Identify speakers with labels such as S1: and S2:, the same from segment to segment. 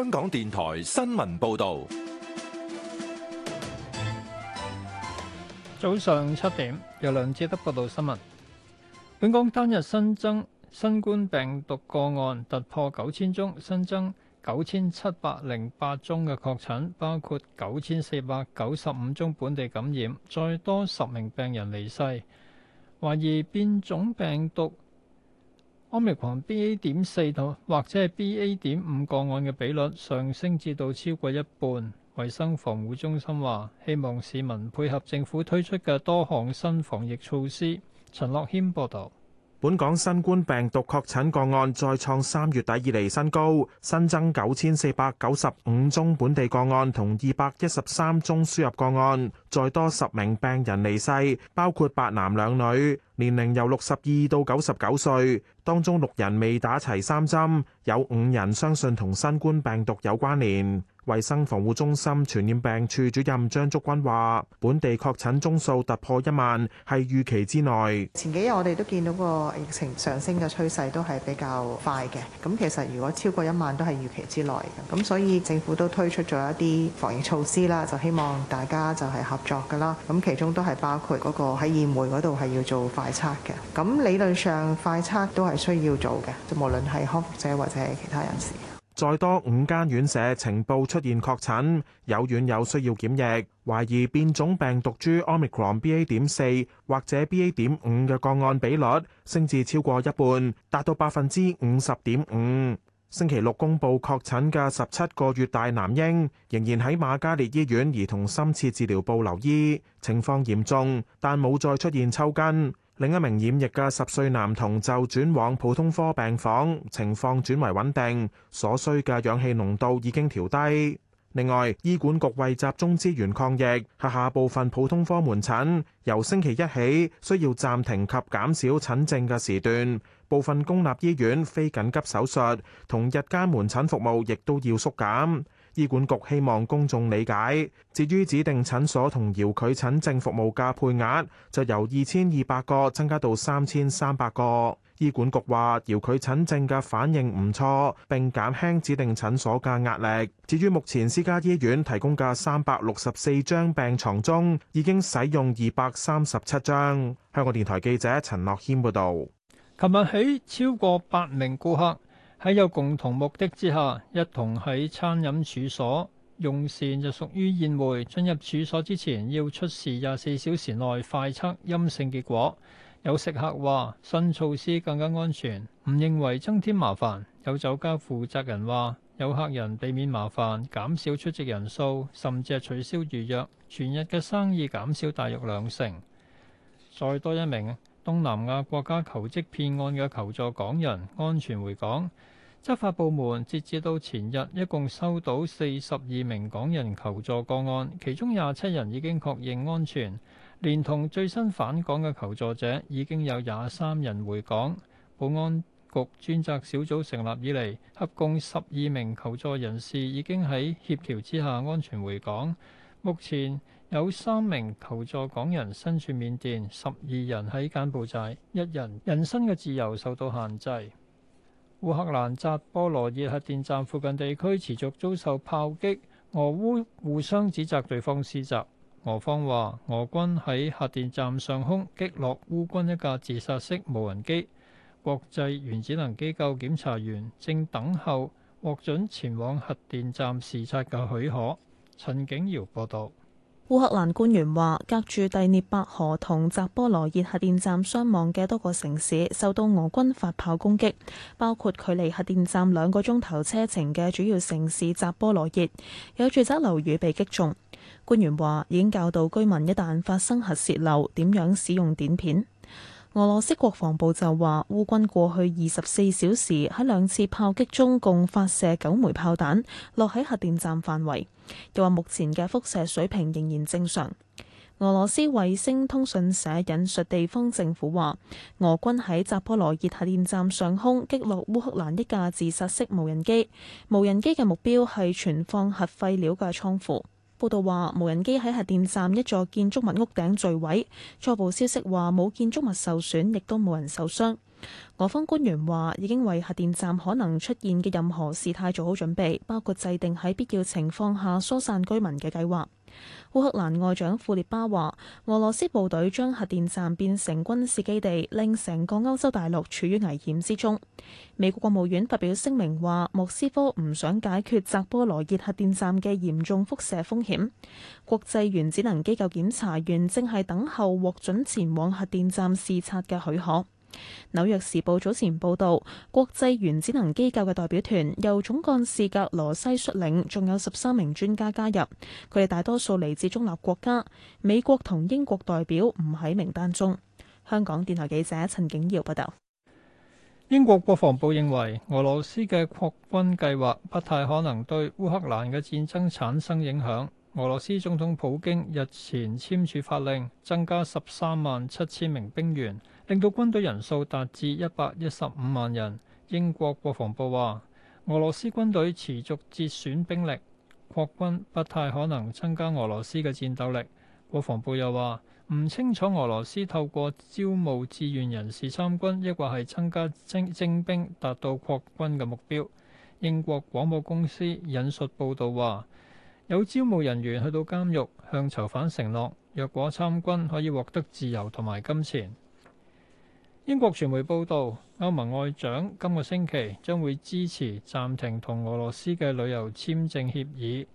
S1: 香港電台新聞報道，早上七點由梁志德報道新聞。本港單日新增新冠病毒個案突破九千宗，新增九千七百零八宗嘅確診，包括九千四百九十五宗本地感染，再多十名病人離世，懷疑變種病毒。Omicron BA 點四度或者係 BA 點五個案嘅比率上升至到超過一半，衛生防護中心話希望市民配合政府推出嘅多項新防疫措施。陳樂謙報道。
S2: 本港新冠病毒確診個案再創三月底以嚟新高，新增九千四百九十五宗本地個案同二百一十三宗輸入個案，再多十名病人離世，包括八男兩女，年齡由六十二到九十九歲，當中六人未打齊三針，有五人相信同新冠病毒有關聯。衛生防護中心傳染病處主任張竹君話，本地確診宗數突破一萬係預期之內。前
S3: 幾日我哋都見到個疫情上升嘅趨勢都係比較快嘅，咁其實如果超過一萬都係預期之內嘅，咁所以政府都推出咗一啲防疫措施啦，就希望大家就係合作㗎啦，咁其中都係包括嗰個喺宴會嗰度係要做快測嘅，咁理論上快測都係需
S2: 要做嘅，就無論係康復者或者係其他人士。再多五間院舍呈報出現確診，有院友需要檢疫，懷疑變種病毒株 Omicron BA. 點四或者 BA. 點五嘅個案比率升至超過一半，達到百分之五十點五。星期六公布確診嘅十七個月大男嬰，仍然喺瑪嘉烈醫院兒童深切治療部留醫，情況嚴重，但冇再出現抽筋。另一名染疫嘅十歲男童就轉往普通科病房，情況轉為穩定，所需嘅氧氣濃度已經調低。另外，醫管局為集中資源抗疫，轄下部分普通科門診由星期一起需要暫停及減少診症嘅時段，部分公立醫院非緊急手術同日間門診服務亦都要縮減。醫管局希望公眾理解，至於指定診所同遙距診症服務嘅配額，就由二千二百個增加到三千三百個。醫管局話，遙距診症嘅反應唔錯，並減輕指定診所嘅壓力。至於目前私家醫院提供嘅三百六十四張病床中，已經使用二百三十七張。香港電台記者陳樂謙報道。琴日起，
S1: 超過八名顧客，喺有共同目的之下，一同喺餐飲處所用膳就屬於宴會。進入處所之前要出示廿四小時內快測陰性結果。有食客話新措施更加安全，唔認為增添麻煩，有酒家負責人話有客人避免麻煩減少出席人數，甚至係取消預約，全日嘅生意減少大約兩成。再多一名。東南亞國家求職騙案嘅求助港人安全回港，執法部門截至到前日，一共收到四十二名港人求助個案，其中廿七人已經確認安全，連同最新返港嘅求助者，已經有廿三人回港。保安局專責小組成立以嚟，合共十二名求助人士已經喺協調之下安全回港。目前有三名求助港人身處緬甸，十二人喺柬埔寨，一人人身嘅自由受到限制。烏克蘭扎波羅熱核電站附近地區持續遭受炮擊，俄烏互，互相指責對方施襲。俄方話俄軍喺核電站上空擊落烏軍一架自殺式無人機，國際原子能機構檢查員正等候獲准前往核電站視察嘅許可。陳景瑤報道，
S3: 烏克蘭官員話，隔住第涅伯河同扎波羅熱核電站相望嘅多個城市受到俄軍發炮攻擊，包括距離核電站兩個鐘頭車程嘅主要城市扎波羅熱，有住宅樓宇被擊中。官員話，已經教導居民一旦發生核洩漏，點樣使用碘片。俄羅斯國防部就話，烏軍過去二十四小時喺兩次炮擊中，共發射九枚炮彈落喺核電站範圍，又話目前嘅輻射水平仍然正常。俄羅斯衛星通訊社引述地方政府話，俄軍喺扎波羅熱核電站上空擊落烏克蘭一架自殺式無人機，無人機嘅目標係存放核廢料嘅倉庫。報道話，無人機喺核電站一座建築物屋頂墜毀。初步消息話，冇建築物受損，亦都冇人受傷。俄方官員話，已經為核電站可能出現嘅任何事態做好準備，包括制定喺必要情況下疏散居民嘅計劃。烏克蘭外長庫列巴話：俄羅斯部隊將核電站變成軍事基地，令成個歐洲大陸處於危險之中。美國國務院發表聲明話：莫斯科唔想解決扎波羅熱核電站嘅嚴重輻射風險。國際原子能機構檢查員正係等候獲准前往核電站視察嘅許可。紐約時報早前報道，國際原子能機構嘅代表團由總幹事格羅西率領，仲有十三名專家加入。佢哋大多數嚟自中立國家，美國同英國代表唔喺名單中。香港電台記者陳景堯報道。
S1: 英國國防部認為俄羅斯嘅擴軍計劃不太可能對烏克蘭嘅戰爭產生影響。俄羅斯總統普京日前簽署法令，增加十三萬七千名兵員令到軍隊人數達至一百一十五萬人。英國國防部話：俄羅斯軍隊持續折損兵力擴軍，不太可能增加俄羅斯嘅戰鬥力。國防部又話唔清楚俄羅斯透過招募志願人士參軍，抑或係增加徵徵兵達到擴軍嘅目標。英國廣播公司引述報導話：有招募人員去到監獄，向囚犯承諾，若果參軍可以獲得自由同埋金錢。英國傳媒報導，歐盟外長今個星期將會支持暫停同俄羅斯嘅旅遊簽證協議。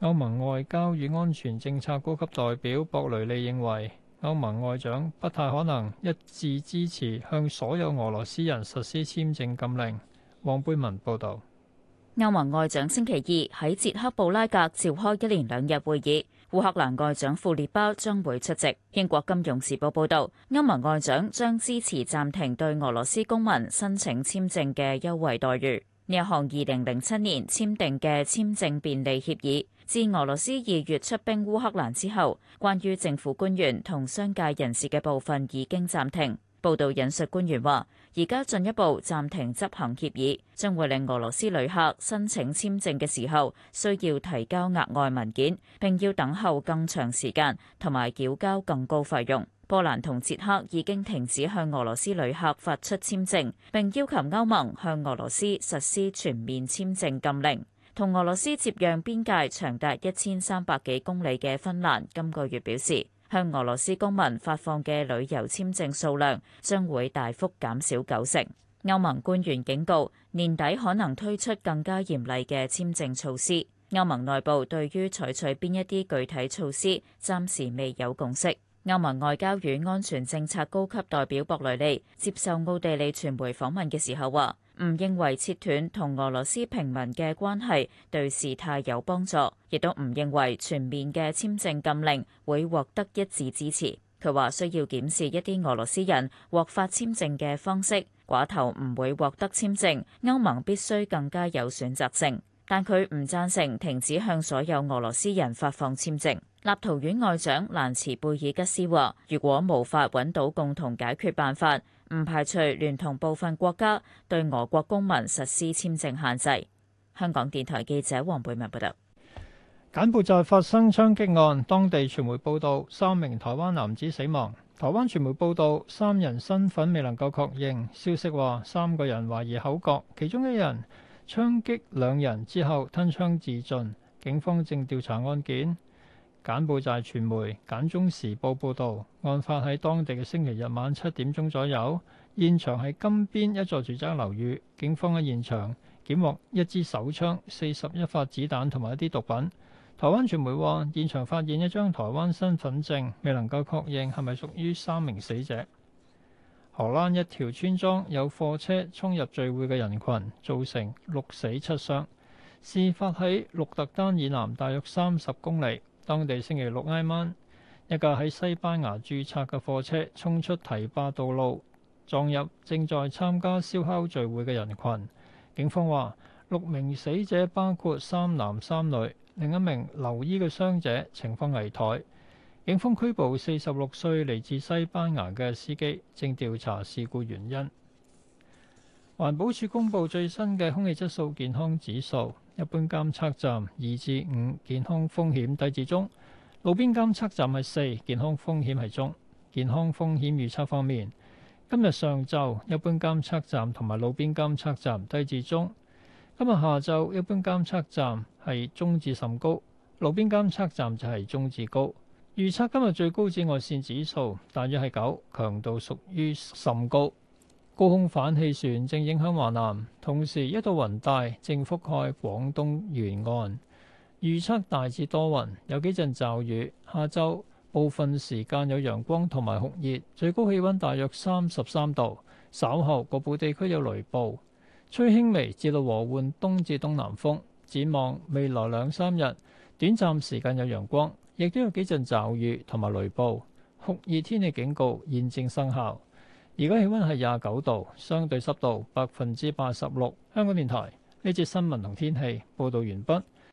S1: 歐盟外交與安全政策高級代表博雷利認為，歐盟外長不太可能一致支持向所有俄羅斯人實施簽證禁令。黃貝文報導。
S4: 歐盟外長星期二喺捷克布拉格召開一連兩日會議。烏克蘭外長庫列巴將會出席。英國金融時報報道，歐盟外長將支持暫停對俄羅斯公民申請簽證嘅優惠待遇。呢一項二零零七年簽訂嘅簽證便利協議，自俄羅斯二月出兵烏克蘭之後，關於政府官員同商界人士嘅部分已經暫停。報道引述官員話：而家進一步暫停執行協議，將會令俄羅斯旅客申請簽證嘅時候需要提交額外文件，並要等候更長時間，同埋繳交更高費用。波蘭同捷克已經停止向俄羅斯旅客發出簽證，並要求歐盟向俄羅斯實施全面簽證禁令。同俄羅斯接壤邊界長達一千三百幾公里嘅芬蘭，今個月表示，向俄羅斯公民發放嘅旅遊簽證數量將會大幅減少九成。歐盟官員警告，年底可能推出更加嚴厲嘅簽證措施。歐盟內部對於採取邊一啲具體措施，暫時未有共識。歐盟外交與安全政策高級代表博雷利接受奧地利傳媒訪問嘅時候話：唔認為切斷同俄羅斯平民嘅關係對事態有幫助，亦都唔認為全面嘅簽證禁令會獲得一致支持。佢話需要檢視一啲俄羅斯人獲發簽證嘅方式，寡頭唔會獲得簽證，歐盟必須更加有選擇性。但佢唔贊成停止向所有俄羅斯人發放簽證。立陶宛外長蘭茨貝爾吉斯話，如果無法揾到共同解決辦法，唔排除聯同部分國家對俄國公民實施簽證限制。香港電台記者黃貝文報道。
S1: 柬埔寨發生槍擊案，當地傳媒報道三名台灣男子死亡。台灣傳媒報道三人身份未能夠確認，消息話三個人懷疑口角，其中一人槍擊兩人之後，吞槍自盡。警方正調查案件。柬埔寨傳媒《簡中時報》報導，案發喺當地嘅星期日晚七點鐘左右，現場喺金邊一座住宅樓宇。警方喺現場檢獲一支手槍、四十一發子彈同埋一啲毒品。台灣傳媒話，現場發現一張台灣身份證，未能夠確認係咪屬於三名死者。荷蘭一條村莊有貨車衝入聚會嘅人群，造成六死七傷。事發喺鹿特丹以南大約三十公里，當地星期六挨晚，一架喺西班牙註冊嘅貨車衝出堤壩道路，撞入正在參加燒烤聚會嘅人群。警方話，六名死者包括三男三女，另一名留醫嘅傷者情況危殆。警方拘捕四十六歲嚟自西班牙嘅司機，正調查事故原因。環保署公布最新嘅空氣質素健康指數，一般監測站二至五，健康風險低至中；路邊監測站係四，健康風險係中。健康風險預測方面，今日上晝一般監測站同埋路邊監測站低至中；今日下晝一般監測站係中至甚高，路邊監測站就係中至高。預測今日最高紫外線指數大約係九，強度屬於甚高。高空反氣旋正影響華南，同時一道雲帶正覆蓋廣東沿岸。預測大致多雲，有幾陣驟雨。下晝部分時間有陽光同埋酷熱，最高氣温大約三十三度。稍後局部地區有雷暴，吹輕微至到和緩東至東南風。展望未來兩三日，短暫時間有陽光。亦都有幾陣驟雨同埋雷暴，酷熱天氣警告現正生效。而家氣温係廿九度，相對濕度百分之八十六。香港電台呢節新聞同天氣報導完畢。